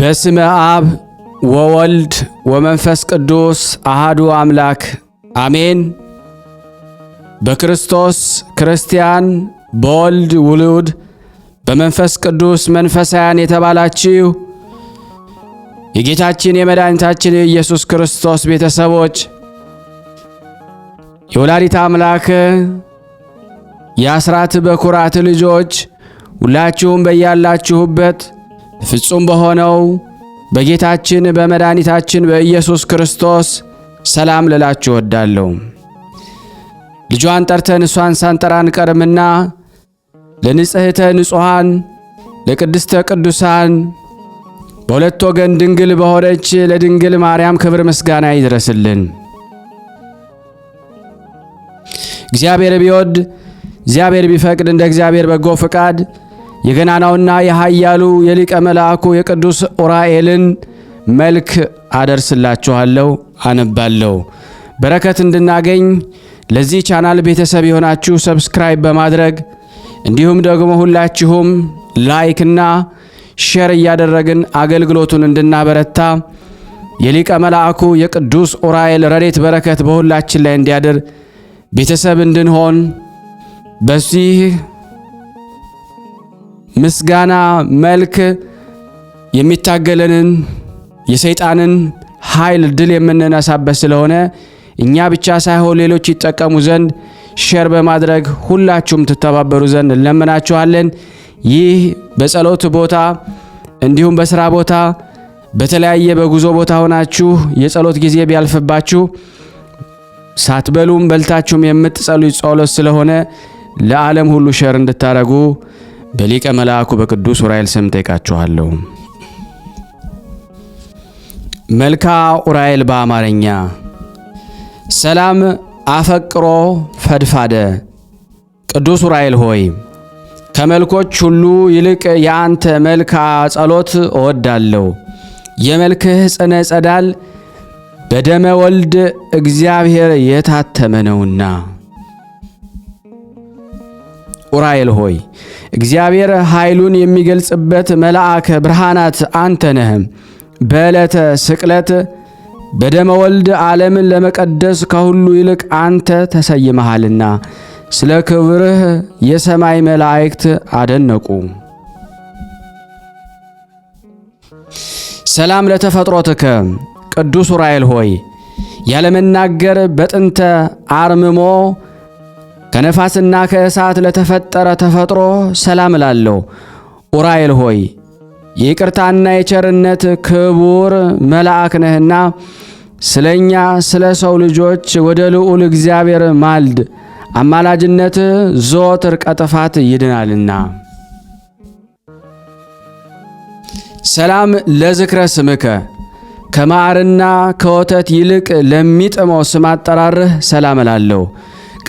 በስመ አብ ወወልድ ወመንፈስ ቅዱስ አሃዱ አምላክ አሜን። በክርስቶስ ክርስቲያን በወልድ ውሉድ በመንፈስ ቅዱስ መንፈሳያን የተባላችሁ የጌታችን የመድኃኒታችን የኢየሱስ ክርስቶስ ቤተሰቦች የወላዲት አምላክ የአስራት በኩራት ልጆች ሁላችሁም በያላችሁበት ፍጹም በሆነው በጌታችን በመድኃኒታችን በኢየሱስ ክርስቶስ ሰላም ልላችሁ እወዳለሁ። ልጇን ጠርተን እሷን ሳንጠራን ቀርምና ለንጽሕተ ንጹሐን ለቅድስተ ቅዱሳን በሁለት ወገን ድንግል በሆነች ለድንግል ማርያም ክብር ምስጋና ይድረስልን። እግዚአብሔር ቢወድ እግዚአብሔር ቢፈቅድ እንደ እግዚአብሔር በጎ ፍቃድ የገናናውና የኃያሉ የሊቀ መልአኩ የቅዱስ ዑራኤልን መልክ አደርስላችኋለሁ፣ አነባለሁ። በረከት እንድናገኝ ለዚህ ቻናል ቤተሰብ የሆናችሁ ሰብስክራይብ በማድረግ እንዲሁም ደግሞ ሁላችሁም ላይክና ሼር እያደረግን አገልግሎቱን እንድናበረታ የሊቀ መልአኩ የቅዱስ ዑራኤል ረዴት በረከት በሁላችን ላይ እንዲያድር ቤተሰብ እንድንሆን በዚህ ምስጋና መልክ የሚታገለንን የሰይጣንን ኃይል ድል የምንነሳበት ስለሆነ እኛ ብቻ ሳይሆን ሌሎች ይጠቀሙ ዘንድ ሼር በማድረግ ሁላችሁም ትተባበሩ ዘንድ እንለምናችኋለን። ይህ በጸሎት ቦታ እንዲሁም በስራ ቦታ በተለያየ በጉዞ ቦታ ሆናችሁ የጸሎት ጊዜ ቢያልፍባችሁ ሳትበሉም በልታችሁም የምትጸሉ ጸሎት ስለሆነ ለዓለም ሁሉ ሸር እንድታደርጉ በሊቀ መልአኩ በቅዱስ ዑራኤል ስም ጠይቃችኋለሁ። መልክዓ ዑራኤል በአማርኛ ሰላም አፈቅሮ ፈድፋደ። ቅዱስ ዑራኤል ሆይ ከመልኮች ሁሉ ይልቅ የአንተ መልክዓ ጸሎት እወዳለሁ። የመልክህ ጽነ ጸዳል በደመ ወልድ እግዚአብሔር የታተመ ነውና ኡራኤል ሆይ እግዚአብሔር ኃይሉን የሚገልጽበት መልአከ ብርሃናት አንተ ነህ። በዕለተ ስቅለት በደመ ወልድ ዓለምን ለመቀደስ ከሁሉ ይልቅ አንተ ተሰይመሃልና ስለ ክብርህ የሰማይ መላእክት አደነቁ። ሰላም ለተፈጥሮትከ ቅዱስ ኡራኤል ሆይ ያለመናገር በጥንተ አርምሞ ከነፋስና ከእሳት ለተፈጠረ ተፈጥሮ ሰላም እላለሁ። ኡራኤል ሆይ የይቅርታና የቸርነት ክቡር መልአክ ነህና ስለ እኛ ስለ ሰው ልጆች ወደ ልዑል እግዚአብሔር ማልድ፣ አማላጅነት ዘወትር ቀጥፋት ይድናልና። ሰላም ለዝክረ ስምከ ከማዕርና ከወተት ይልቅ ለሚጥመው ስም አጠራርህ ሰላም እላለሁ።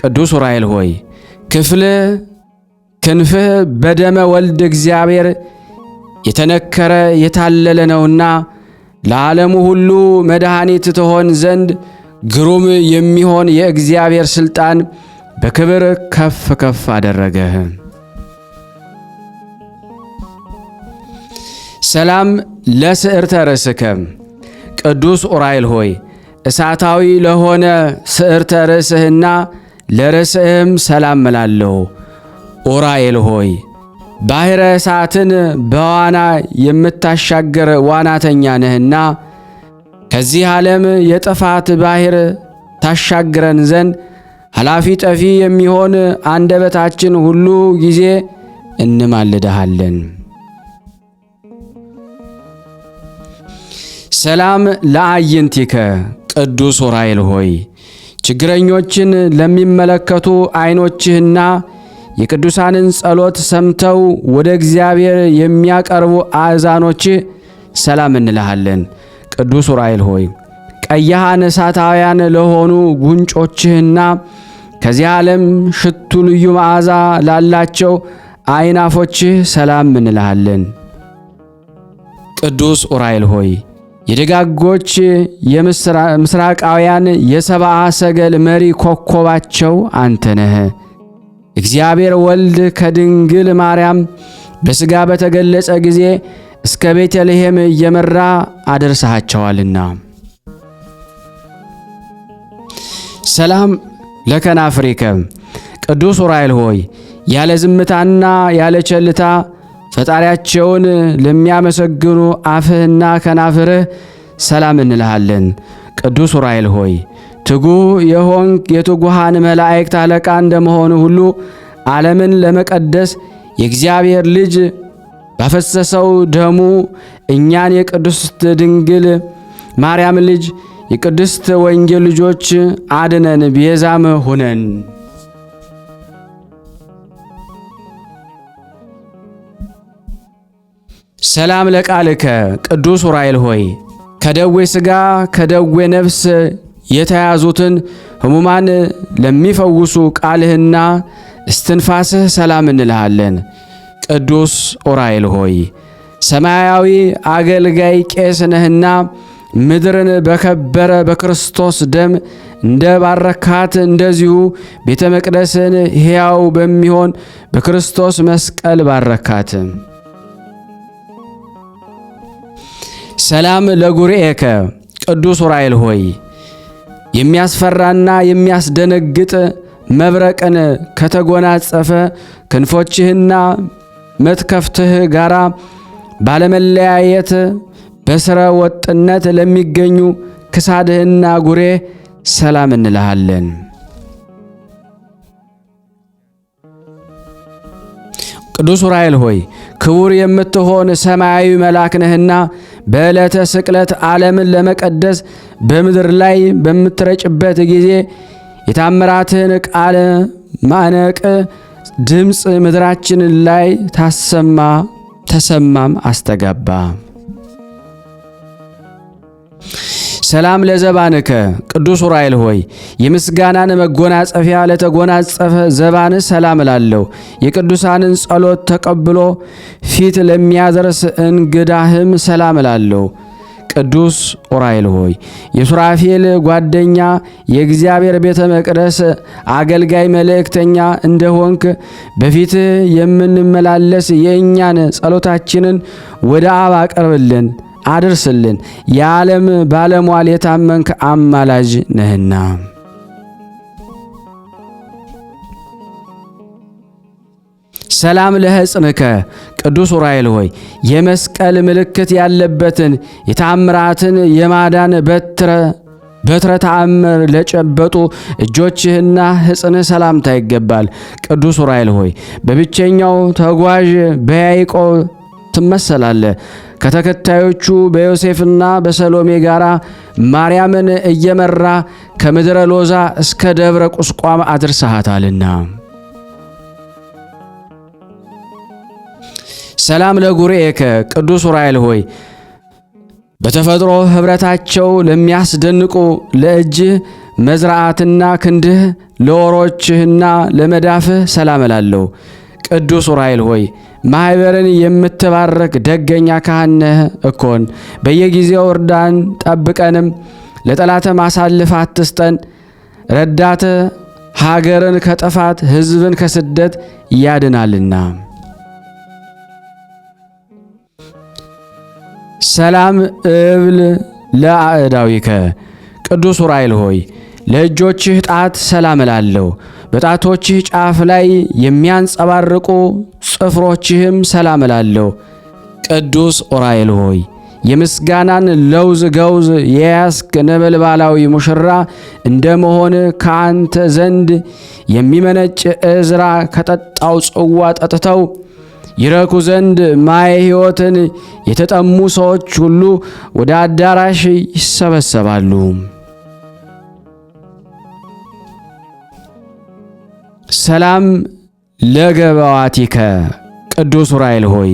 ቅዱስ ዑራኤል ሆይ ክፍል ክንፍህ በደመ ወልድ እግዚአብሔር የተነከረ የታለለ ነውና ለዓለሙ ሁሉ መድኃኒት ትሆን ዘንድ ግሩም የሚሆን የእግዚአብሔር ሥልጣን በክብር ከፍ ከፍ አደረገህ። ሰላም ለስዕርተ ርእስከ ቅዱስ ዑራኤል ሆይ እሳታዊ ለሆነ ስዕርተ ርእስህና ለርእስህም ሰላም እላለሁ። ዑራኤል ሆይ ባሕረ እሳትን በዋና የምታሻገር ዋናተኛ ነህና ከዚህ ዓለም የጥፋት ባሕር ታሻግረን ዘንድ ኃላፊ ጠፊ የሚሆን አንደበታችን ሁሉ ጊዜ እንማልድሃለን። ሰላም ለአይንቲከ ቅዱስ ዑራኤል ሆይ ችግረኞችን ለሚመለከቱ ዓይኖችህና የቅዱሳንን ጸሎት ሰምተው ወደ እግዚአብሔር የሚያቀርቡ አእዛኖችህ ሰላም እንልሃለን። ቅዱስ ዑራኤል ሆይ ቀያሃን እሳታውያን ለሆኑ ጉንጮችህና ከዚህ ዓለም ሽቱ ልዩ መዓዛ ላላቸው ዐይናፎችህ ሰላም እንልሃለን። ቅዱስ ዑራኤል ሆይ የደጋጎች የምስራቃውያን የሰብአ ሰገል መሪ ኮከባቸው አንተ ነህ። እግዚአብሔር ወልድ ከድንግል ማርያም በሥጋ በተገለጸ ጊዜ እስከ ቤተልሔም እየመራ አደርሰሃቸዋልና። ሰላም ለከናፍሪከ ቅዱስ ዑራኤል ሆይ ያለ ዝምታና ያለ ቸልታ ፈጣሪያቸውን ለሚያመሰግኑ አፍህና ከናፍርህ ሰላም እንልሃለን። ቅዱስ ዑራኤል ሆይ ትጉህ የሆንክ የትጉሃን መላእክት አለቃ እንደመሆኑ ሁሉ ዓለምን ለመቀደስ የእግዚአብሔር ልጅ ባፈሰሰው ደሙ እኛን የቅድስት ድንግል ማርያም ልጅ የቅድስት ወንጌል ልጆች አድነን፣ ቤዛም ሁነን። ሰላም ለቃልከ ቅዱስ ዑራኤል ሆይ ከደዌ ሥጋ ከደዌ ነፍስ የተያዙትን ሕሙማን ለሚፈውሱ ቃልህና እስትንፋስህ ሰላም እንልሃለን። ቅዱስ ዑራኤል ሆይ ሰማያዊ አገልጋይ ቄስ ነህና ምድርን በከበረ በክርስቶስ ደም እንደ ባረካት እንደዚሁ ቤተ መቅደስን ሕያው በሚሆን በክርስቶስ መስቀል ባረካትም። ሰላም ለጉርኤከ ቅዱስ ዑራኤል ሆይ የሚያስፈራና የሚያስደነግጥ መብረቅን ከተጎናጸፈ ክንፎችህና መትከፍትህ ጋራ ባለመለያየት በስረ ወጥነት ለሚገኙ ክሳድህና ጉሬ ሰላም እንልሃለን። ቅዱስ ዑራኤል ሆይ ክቡር የምትሆን ሰማያዊ መልአክ ነህና በዕለተ ስቅለት ዓለምን ለመቀደስ በምድር ላይ በምትረጭበት ጊዜ የታምራትህን ቃለ ማነቅ ድምፅ ምድራችን ላይ ታሰማ ተሰማም አስተጋባ። ሰላም ለዘባንከ ቅዱስ ዑራኤል ሆይ የምስጋናን መጎናጸፊያ ለተጎናጸፈ ዘባን ሰላም እላለሁ። የቅዱሳንን ጸሎት ተቀብሎ ፊት ለሚያደርስ እንግዳህም ሰላም እላለሁ። ቅዱስ ዑራኤል ሆይ የሱራፌል ጓደኛ የእግዚአብሔር ቤተ መቅደስ አገልጋይ መልእክተኛ እንደሆንክ በፊትህ የምንመላለስ የእኛን ጸሎታችንን ወደ አብ አቅርብልን። አድርስልን፣ የዓለም ባለሟል የታመንክ አማላጅ ነህና። ሰላም ለሕፅንከ ቅዱስ ዑራኤል ሆይ የመስቀል ምልክት ያለበትን የታምራትን የማዳን በትረ በትረ ተአምር ለጨበጡ እጆችህና ሕፅንህ ሰላምታ ይገባል። ቅዱስ ዑራኤል ሆይ በብቸኛው ተጓዥ በያይቆ ትመሰላለ። ከተከታዮቹ በዮሴፍና በሰሎሜ ጋር ማርያምን እየመራ ከምድረ ሎዛ እስከ ደብረ ቁስቋም አድርሰሃታልና። ሰላም ለጉርኤከ ቅዱስ ዑራኤል ሆይ በተፈጥሮ ኅብረታቸው ለሚያስደንቁ ለእጅህ መዝራዓትና ክንድህ ለወሮችህና ለመዳፍህ ሰላም እላለሁ። ቅዱስ ዑራኤል ሆይ ማኅበርን የምትባረክ ደገኛ ካህን ነህ እኮን። በየጊዜው እርዳን፣ ጠብቀንም፣ ለጠላተ ማሳልፍ አትስጠን። ረዳተ ሀገርን ከጥፋት ሕዝብን ከስደት ያድናልና። ሰላም እብል ለአእዳዊከ ቅዱስ ዑራኤል ሆይ ለእጆችህ ጣት ሰላም እላለሁ። በጣቶችህ ጫፍ ላይ የሚያንጸባርቁ ጽፍሮችህም ሰላም እላለሁ። ቅዱስ ዑራኤል ሆይ የምስጋናን ለውዝ ገውዝ የያስክ ነበልባላዊ ሙሽራ እንደ መሆን ከአንተ ዘንድ የሚመነጭ እዝራ ከጠጣው ጽዋ ጠጥተው ይረኩ ዘንድ ማየ ሕይወትን የተጠሙ ሰዎች ሁሉ ወደ አዳራሽ ይሰበሰባሉ። ሰላም ለገባዋቲከ ቅዱስ ዑራኤል ሆይ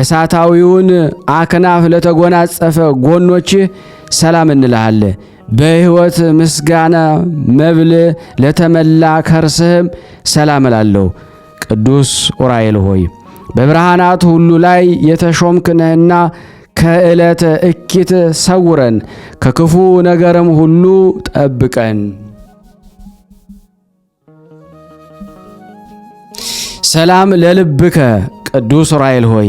እሳታዊውን አክናፍ ለተጎናጸፈ ጎኖችህ ሰላም እንልሃል። በሕይወት ምስጋና መብል ለተመላ ከርስህም ሰላም እላለሁ። ቅዱስ ዑራኤል ሆይ በብርሃናት ሁሉ ላይ የተሾምክነህና ከዕለተ እኪት ሰውረን፣ ከክፉ ነገርም ሁሉ ጠብቀን። ሰላም ለልብከ ቅዱስ ዑራኤል ሆይ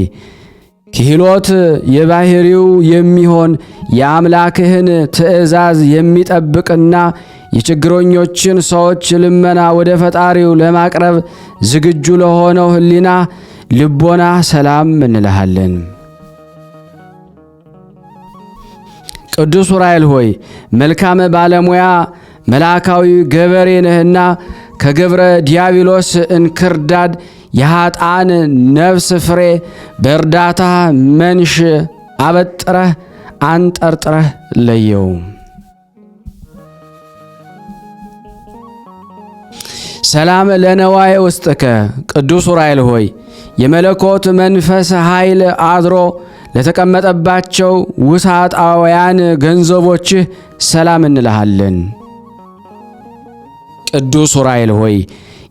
ክህሎት የባህሪው የሚሆን የአምላክህን ትእዛዝ የሚጠብቅና የችግረኞችን ሰዎች ልመና ወደ ፈጣሪው ለማቅረብ ዝግጁ ለሆነው ህሊና ልቦና ሰላም እንልሃለን። ቅዱስ ዑራኤል ሆይ መልካም ባለሙያ መልአካዊ ገበሬ ነህና ከግብረ ዲያብሎስ እንክርዳድ የኃጣን ነፍስ ፍሬ በእርዳታ መንሽ አበጥረህ አንጠርጥረህ ለየው። ሰላም ለነዋይ ውስጥከ ቅዱስ ዑራኤል ሆይ የመለኮት መንፈስ ኃይል አድሮ ለተቀመጠባቸው ውሳጣውያን ገንዘቦችህ ሰላም እንልሃለን። ቅዱስ ዑራኤል ሆይ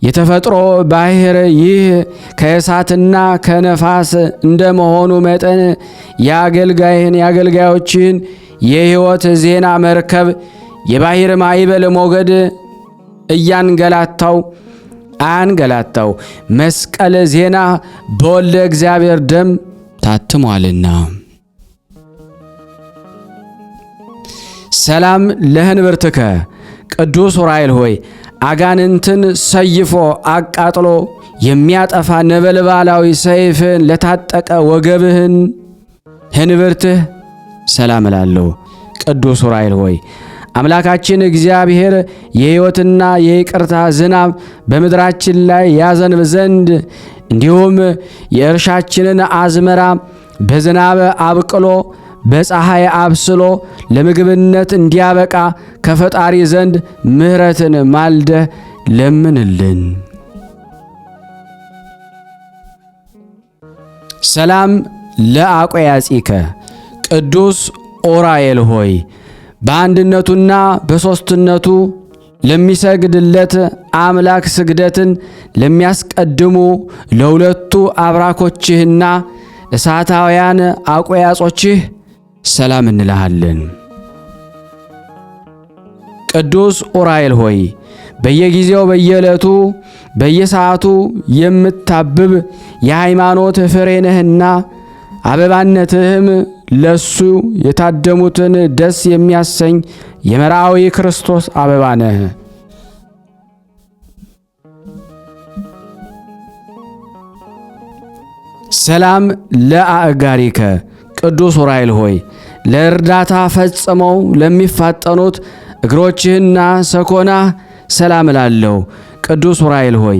የተፈጥሮ ባህር ይህ ከእሳትና ከነፋስ እንደመሆኑ መጠን የአገልጋይህን የአገልጋዮችህን የሕይወት ዜና መርከብ የባህር ማዕበል ሞገድ እያንገላታው አንገላታው መስቀል ዜና በወልደ እግዚአብሔር ደም ታትሟልና። ሰላም ለህንብርትከ ቅዱስ ዑራኤል ሆይ አጋንንትን ሰይፎ አቃጥሎ የሚያጠፋ ነበልባላዊ ሰይፍን ለታጠቀ ወገብህን ህንብርትህ ሰላም እላለሁ። ቅዱስ ዑራኤል ሆይ አምላካችን እግዚአብሔር የሕይወትና የይቅርታ ዝናብ በምድራችን ላይ ያዘንብ ዘንድ እንዲሁም የእርሻችንን አዝመራ በዝናብ አብቅሎ በፀሐይ አብስሎ ለምግብነት እንዲያበቃ ከፈጣሪ ዘንድ ምሕረትን ማልደህ ለምንልን። ሰላም ለአቆያጺከ ቅዱስ ኦራኤል ሆይ በአንድነቱና በሦስትነቱ ለሚሰግድለት አምላክ ስግደትን ለሚያስቀድሙ ለሁለቱ አብራኮችህና እሳታውያን አቆያጾችህ ሰላም እንልሃለን። ቅዱስ ዑራኤል ሆይ በየጊዜው በየዕለቱ በየሰዓቱ የምታብብ የሃይማኖት ፍሬ ነህና አበባነትህም ለሱ የታደሙትን ደስ የሚያሰኝ የመርአዊ ክርስቶስ አበባ ነህ። ሰላም ለአእጋሪከ ቅዱስ ዑራኤል ሆይ ለእርዳታ ፈጽመው ለሚፋጠኑት እግሮችህና ሰኮና ሰላም እላለሁ። ቅዱስ ዑራኤል ሆይ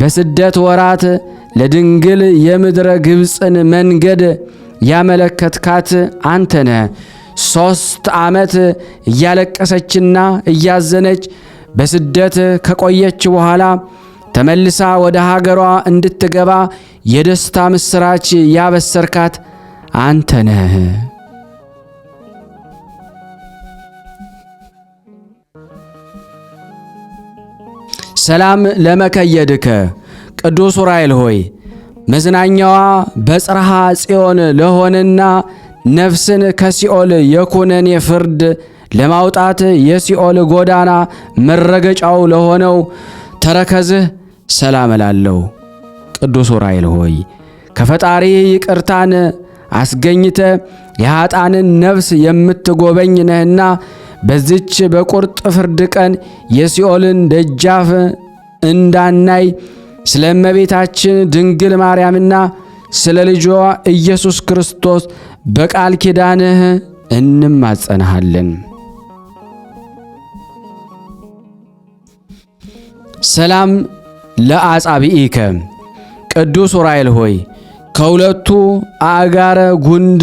በስደት ወራት ለድንግል የምድረ ግብፅን መንገድ ያመለከትካት አንተነ ሦስት ዓመት እያለቀሰችና እያዘነች በስደት ከቆየች በኋላ ተመልሳ ወደ ሀገሯ እንድትገባ የደስታ ምስራች ያበሰርካት አንተ ነህ። ሰላም ለመከየድከ ቅዱስ ዑራኤል ሆይ መዝናኛዋ በጽርሐ ጽዮን ለሆነና ነፍስን ከሲኦል የኩነኔ ፍርድ ለማውጣት የሲኦል ጎዳና መረገጫው ለሆነው ተረከዝህ ሰላም እላለሁ። ቅዱስ ዑራኤል ሆይ ከፈጣሪ ይቅርታን አስገኝተ የኃጣንን ነፍስ የምትጎበኝ ነህና በዚች በቁርጥ ፍርድ ቀን የሲኦልን ደጃፍ እንዳናይ ስለ እመቤታችን ድንግል ማርያምና ስለ ልጇ ኢየሱስ ክርስቶስ በቃል ኪዳንህ እንማጸናሃለን። ሰላም ለአጻብኢከ ቅዱስ ዑራኤል ሆይ ከሁለቱ አጋረ ጉንድ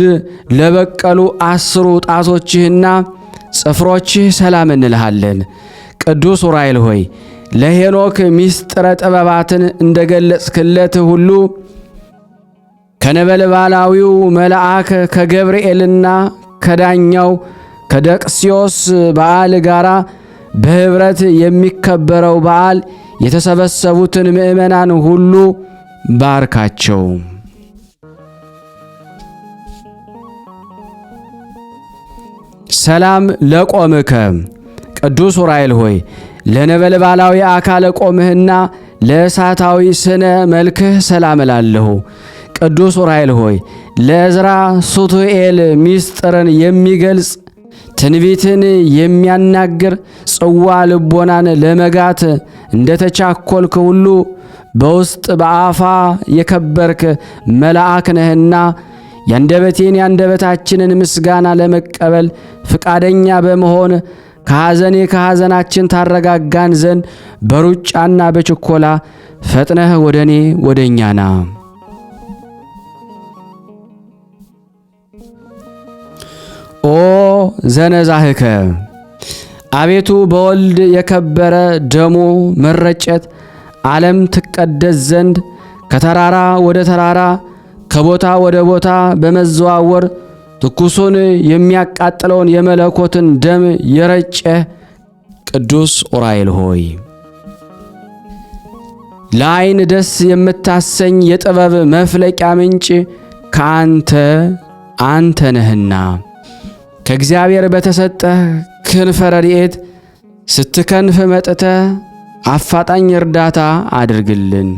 ለበቀሉ አስሩ ጣቶችህና ጽፍሮችህ ሰላም እንልሃለን። ቅዱስ ዑራኤል ሆይ ለሄኖክ ሚስጥረ ጥበባትን እንደ ገለጽክለት ሁሉ ከነበልባላዊው መልአክ ከገብርኤልና ከዳኛው ከደቅስዮስ በዓል ጋር በኅብረት የሚከበረው በዓል የተሰበሰቡትን ምእመናን ሁሉ ባርካቸው። ሰላም ለቆምከ ቅዱስ ዑራኤል ሆይ ለነበልባላዊ አካለ ቆምህና ለእሳታዊ ስነ መልክህ ሰላም እላለሁ። ቅዱስ ዑራኤል ሆይ ለእዝራ ሱቱኤል ሚስጥርን የሚገልጽ ትንቢትን የሚያናግር ጽዋ ልቦናን ለመጋት እንደ ተቻኰልክ ሁሉ በውስጥ በአፋ የከበርክ መልአክ ነህና የአንደበቴን የአንደበታችንን ምስጋና ለመቀበል ፍቃደኛ በመሆን ከሐዘኔ ከሐዘናችን ታረጋጋን ዘንድ በሩጫና በችኮላ ፈጥነህ ወደ እኔ ወደ እኛ ና። ኦ ዘነዛህከ አቤቱ በወልድ የከበረ ደሙ መረጨት ዓለም ትቀደስ ዘንድ ከተራራ ወደ ተራራ ከቦታ ወደ ቦታ በመዘዋወር ትኩሱን የሚያቃጥለውን የመለኮትን ደም የረጨ ቅዱስ ዑራኤል ሆይ ለዓይን ደስ የምታሰኝ የጥበብ መፍለቂያ ምንጭ ከአንተ አንተ ነህና ከእግዚአብሔር በተሰጠህ ክንፈ ረድኤት ስትከንፍ መጥተህ አፋጣኝ እርዳታ አድርግልን።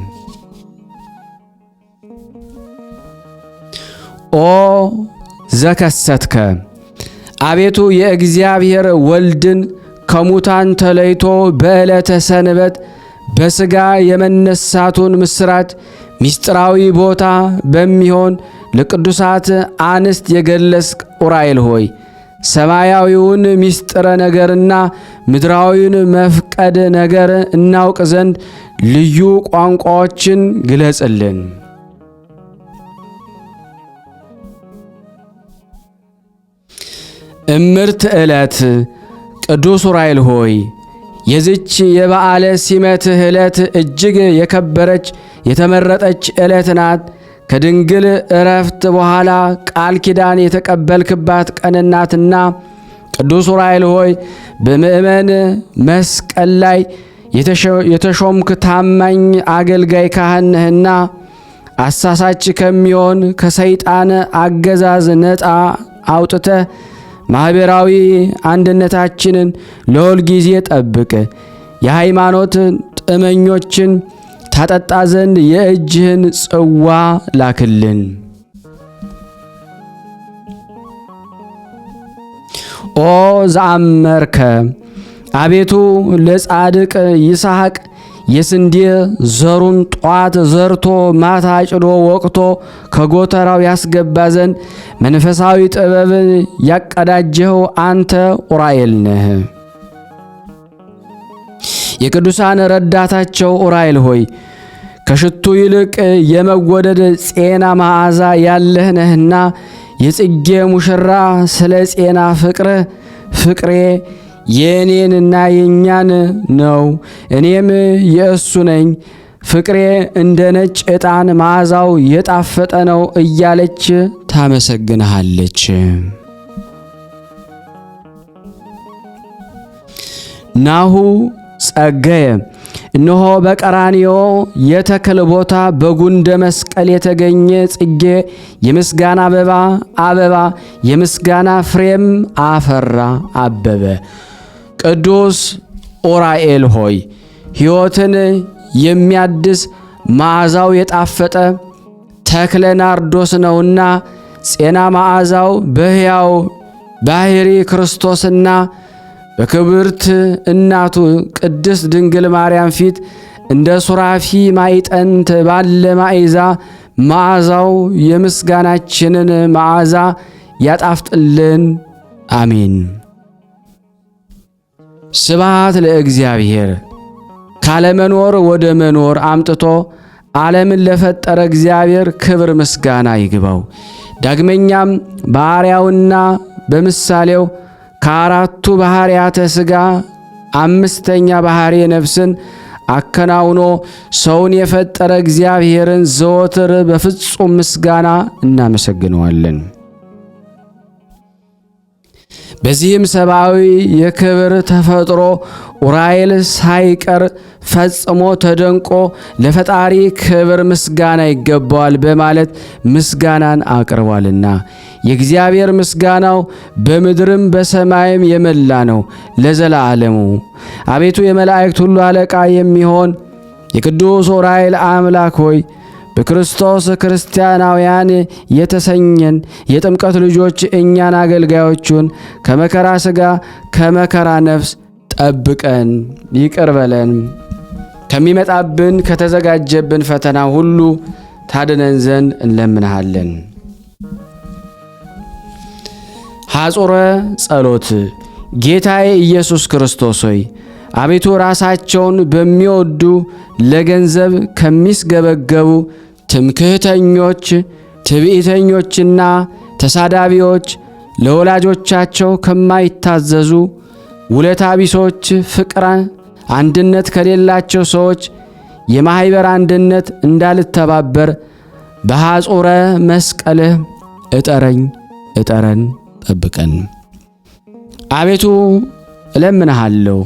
ኦ ዘከሰትከ አቤቱ የእግዚአብሔር ወልድን ከሙታን ተለይቶ በዕለተ ሰንበት በሥጋ የመነሳቱን ምስራት ምስጢራዊ ቦታ በሚሆን ለቅዱሳት አንስት የገለስ ዑራኤል ሆይ ሰማያዊውን ምስጢረ ነገርና ምድራዊውን መፍቀድ ነገር እናውቅ ዘንድ ልዩ ቋንቋዎችን ግለጽልን። እምርት ዕለት ቅዱስ ዑራኤል ሆይ የዝች የበዓለ ሲመትህ ዕለት እጅግ የከበረች የተመረጠች ዕለት ናት። ከድንግል እረፍት በኋላ ቃል ኪዳን የተቀበልክባት ቀንናትና ቅዱስ ዑራኤል ሆይ በምእመን መስቀል ላይ የተሾምክ ታማኝ አገልጋይ ካህንህና አሳሳች ከሚሆን ከሰይጣን አገዛዝ ነፃ አውጥተህ ማኅበራዊ አንድነታችንን ለሁል ጊዜ ጠብቅ። የሃይማኖት ጥመኞችን ታጠጣ ዘንድ የእጅህን ጽዋ ላክልን። ኦ ዘአመርከ አቤቱ ለጻድቅ ይስሐቅ የስንዴ ዘሩን ጧት ዘርቶ ማታ ጭዶ ወቅቶ ከጎተራው ያስገባ ዘንድ መንፈሳዊ ጥበብን ያቀዳጀኸው አንተ ዑራኤል ነህ። የቅዱሳን ረዳታቸው ዑራኤል ሆይ ከሽቱ ይልቅ የመወደድ ጼና መዓዛ ያለህ ነህና የጽጌ ሙሽራ ስለ ጼና ፍቅርህ ፍቅሬ የእኔንና የእኛን ነው፣ እኔም የእሱ ነኝ። ፍቅሬ እንደ ነጭ ዕጣን መዓዛው የጣፈጠ ነው እያለች ታመሰግንሃለች። ናሁ ጸገየ እነሆ በቀራንዮ የተክል ቦታ በጉንደ መስቀል የተገኘ ጽጌ የምስጋና አበባ አበባ የምስጋና ፍሬም አፈራ አበበ። ቅዱስ ዑራኤል ሆይ ሕይወትን የሚያድስ መዓዛው የጣፈጠ ተክለ ናርዶስ ነውና ጼና መዓዛው በሕያው ባሕሪ ክርስቶስና በክብርት እናቱ ቅድስት ድንግል ማርያም ፊት እንደ ሱራፊ ማይጠንት ባለ ማዕዛ መዓዛው የምስጋናችንን መዓዛ ያጣፍጥልን። አሜን። ስባት ለእግዚአብሔር ካለመኖር ወደ መኖር አምጥቶ ዓለምን ለፈጠረ እግዚአብሔር ክብር ምስጋና ይግባው። ዳግመኛም ባሕርያውና በምሳሌው ከአራቱ ባሕርያተ ሥጋ አምስተኛ ባሕርየ ነፍስን አከናውኖ ሰውን የፈጠረ እግዚአብሔርን ዘወትር በፍጹም ምስጋና እናመሰግነዋለን። በዚህም ሰብአዊ የክብር ተፈጥሮ ኡራኤል ሳይቀር ፈጽሞ ተደንቆ ለፈጣሪ ክብር ምስጋና ይገባዋል በማለት ምስጋናን አቅርቧልና የእግዚአብሔር ምስጋናው በምድርም በሰማይም የመላ ነው ለዘላለሙ። አቤቱ የመላእክት ሁሉ አለቃ የሚሆን የቅዱስ ኡራኤል አምላክ ሆይ በክርስቶስ ክርስቲያናውያን የተሰኘን የጥምቀት ልጆች እኛን አገልጋዮቹን ከመከራ ሥጋ ከመከራ ነፍስ ጠብቀን ይቅር በለን ከሚመጣብን ከተዘጋጀብን ፈተና ሁሉ ታድነን ዘንድ እንለምንሃለን። ሐጹረ ጸሎት ጌታዬ ኢየሱስ ክርስቶስ ሆይ አቤቱ ራሳቸውን በሚወዱ ለገንዘብ ከሚስገበገቡ ትምክህተኞች፣ ትዕቢተኞችና ተሳዳቢዎች፣ ለወላጆቻቸው ከማይታዘዙ ውለታ ቢሶች፣ ፍቅር አንድነት ከሌላቸው ሰዎች የማኅበር አንድነት እንዳልተባበር በሐጹረ መስቀልህ እጠረኝ እጠረን ጠብቀን። አቤቱ እለምንሃለሁ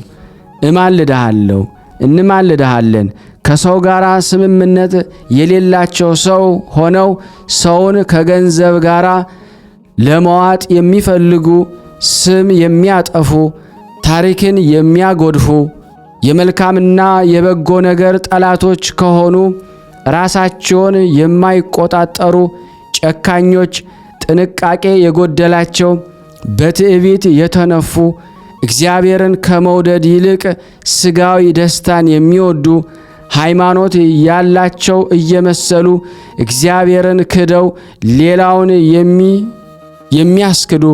እማልድሃለሁ እንማልድሃለን። ከሰው ጋር ስምምነት የሌላቸው ሰው ሆነው ሰውን ከገንዘብ ጋር ለመዋጥ የሚፈልጉ ስም የሚያጠፉ ታሪክን የሚያጎድፉ የመልካምና የበጎ ነገር ጠላቶች ከሆኑ ራሳቸውን የማይቆጣጠሩ ጨካኞች፣ ጥንቃቄ የጎደላቸው፣ በትዕቢት የተነፉ እግዚአብሔርን ከመውደድ ይልቅ ስጋዊ ደስታን የሚወዱ ሃይማኖት ያላቸው እየመሰሉ እግዚአብሔርን ክደው ሌላውን የሚያስክዱ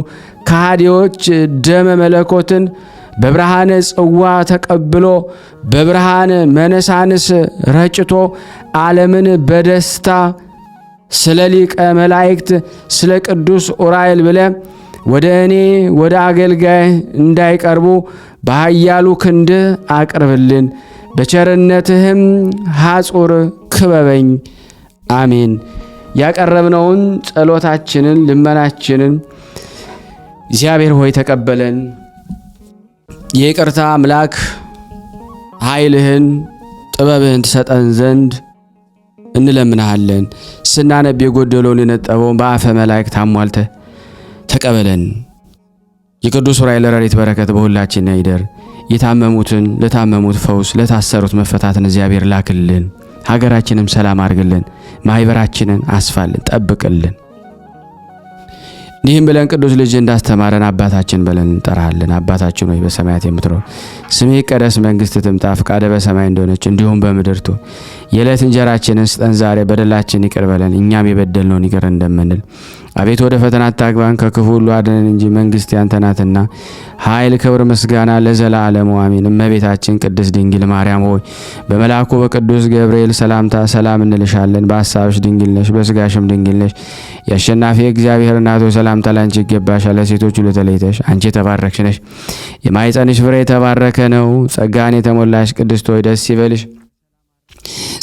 ከሃዲዎች ደመ መለኮትን በብርሃነ ጽዋ ተቀብሎ በብርሃን መነሳንስ ረጭቶ ዓለምን በደስታ ስለ ሊቀ መላእክት ስለ ቅዱስ ዑራኤል ብለ ወደ እኔ ወደ አገልጋይ እንዳይቀርቡ በኃያሉ ክንድ አቅርብልን፣ በቸርነትህም ሐጹር ክበበኝ። አሜን። ያቀረብነውን ጸሎታችንን ልመናችንን እግዚአብሔር ሆይ ተቀበለን። የይቅርታ አምላክ ኃይልህን ጥበብህን ትሰጠን ዘንድ እንለምንሃለን። ስናነብ የጎደለውን የነጠበውን በአፈ መላእክት አሟልተህ ተቀበለን። የቅዱስ ዑራኤል ረድኤት በረከት በሁላችን ይደር። የታመሙትን ለታመሙት ፈውስ፣ ለታሰሩት መፈታትን እግዚአብሔር ላክልን። ሀገራችንም ሰላም አድርግልን። ማህበራችንን አስፋልን፣ ጠብቅልን። ይህም ብለን ቅዱስ ልጅ እንዳስተማረን አባታችን ብለን እንጠራሃለን። አባታችን ሆይ በሰማያት የምትኖር ስሜ ይቀደስ፣ መንግስት ትምጣ፣ ፍቃደ በሰማይ እንደሆነች እንዲሁም በምድር ትሁን። የዕለት እንጀራችንን ስጠን ዛሬ፣ በደላችን ይቅር በለን እኛም የበደልነውን ይቅር እንደምንል አቤት ወደ ፈተና አታግባን ከክፉ ሁሉ አድነን እንጂ መንግስት ያንተ ናትና ኃይል፣ ክብር፣ ምስጋና ለዘላለሙ አሜን። እመቤታችን ቅድስት ድንግል ማርያም ሆይ በመልአኩ በቅዱስ ገብርኤል ሰላምታ ሰላም እንልሻለን። በሀሳብሽ ድንግል ነሽ፣ በስጋሽም ድንግል ነሽ። የአሸናፊ እግዚአብሔር እናት ሆይ ሰላምታ ላንቺ ይገባሻል። ለሴቶች ሁሉ ተለይተሽ አንቺ የተባረክሽ ነሽ፣ የማይጸንሽ ፍሬ የተባረከ ነው። ጸጋን የተሞላሽ ቅድስት ሆይ ደስ ይበልሽ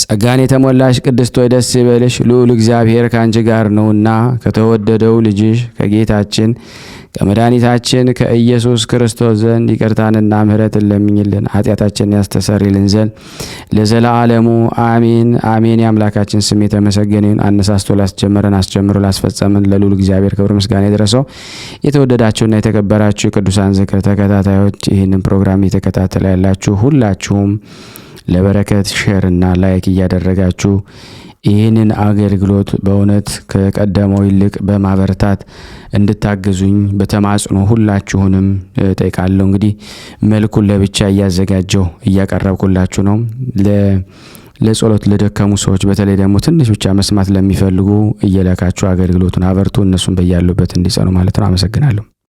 ጸጋን የተሞላሽ ቅድስት ሆይ ደስ ይበልሽ፣ ልዑል እግዚአብሔር ከአንቺ ጋር ነውና ከተወደደው ልጅሽ ከጌታችን ከመድኃኒታችን ከኢየሱስ ክርስቶስ ዘንድ ይቅርታንና ምሕረትን ለምኝልን ኃጢአታችን ያስተሰሪልን ዘንድ ለዘለዓለሙ አሜን አሜን። የአምላካችን ስም የተመሰገነ ይሁን። አነሳስቶ ላስጀመረን አስጀምሮ ላስፈጸምን ለልዑል እግዚአብሔር ክብር ምስጋና የደረሰው። የተወደዳችሁና የተከበራችሁ የቅዱሳን ዝክር ተከታታዮች ይህንን ፕሮግራም እየተከታተለ ያላችሁ ሁላችሁም ለበረከት እና ላይክ እያደረጋችሁ ይህንን አገልግሎት በእውነት ከቀደመው ይልቅ በማበረታት እንድታገዙኝ በተማጽኖ ሁላችሁንም ጠይቃለሁ። እንግዲህ መልኩን ለብቻ እያዘጋጀው እያቀረብኩላችሁ ነው። ለጸሎት ለደከሙ ሰዎች በተለይ ደግሞ ትንሽ ብቻ መስማት ለሚፈልጉ እየለካችሁ አገልግሎቱን አበርቱ። እነሱን በያሉበት እንዲጸኑ ማለት ነው። አመሰግናለሁ።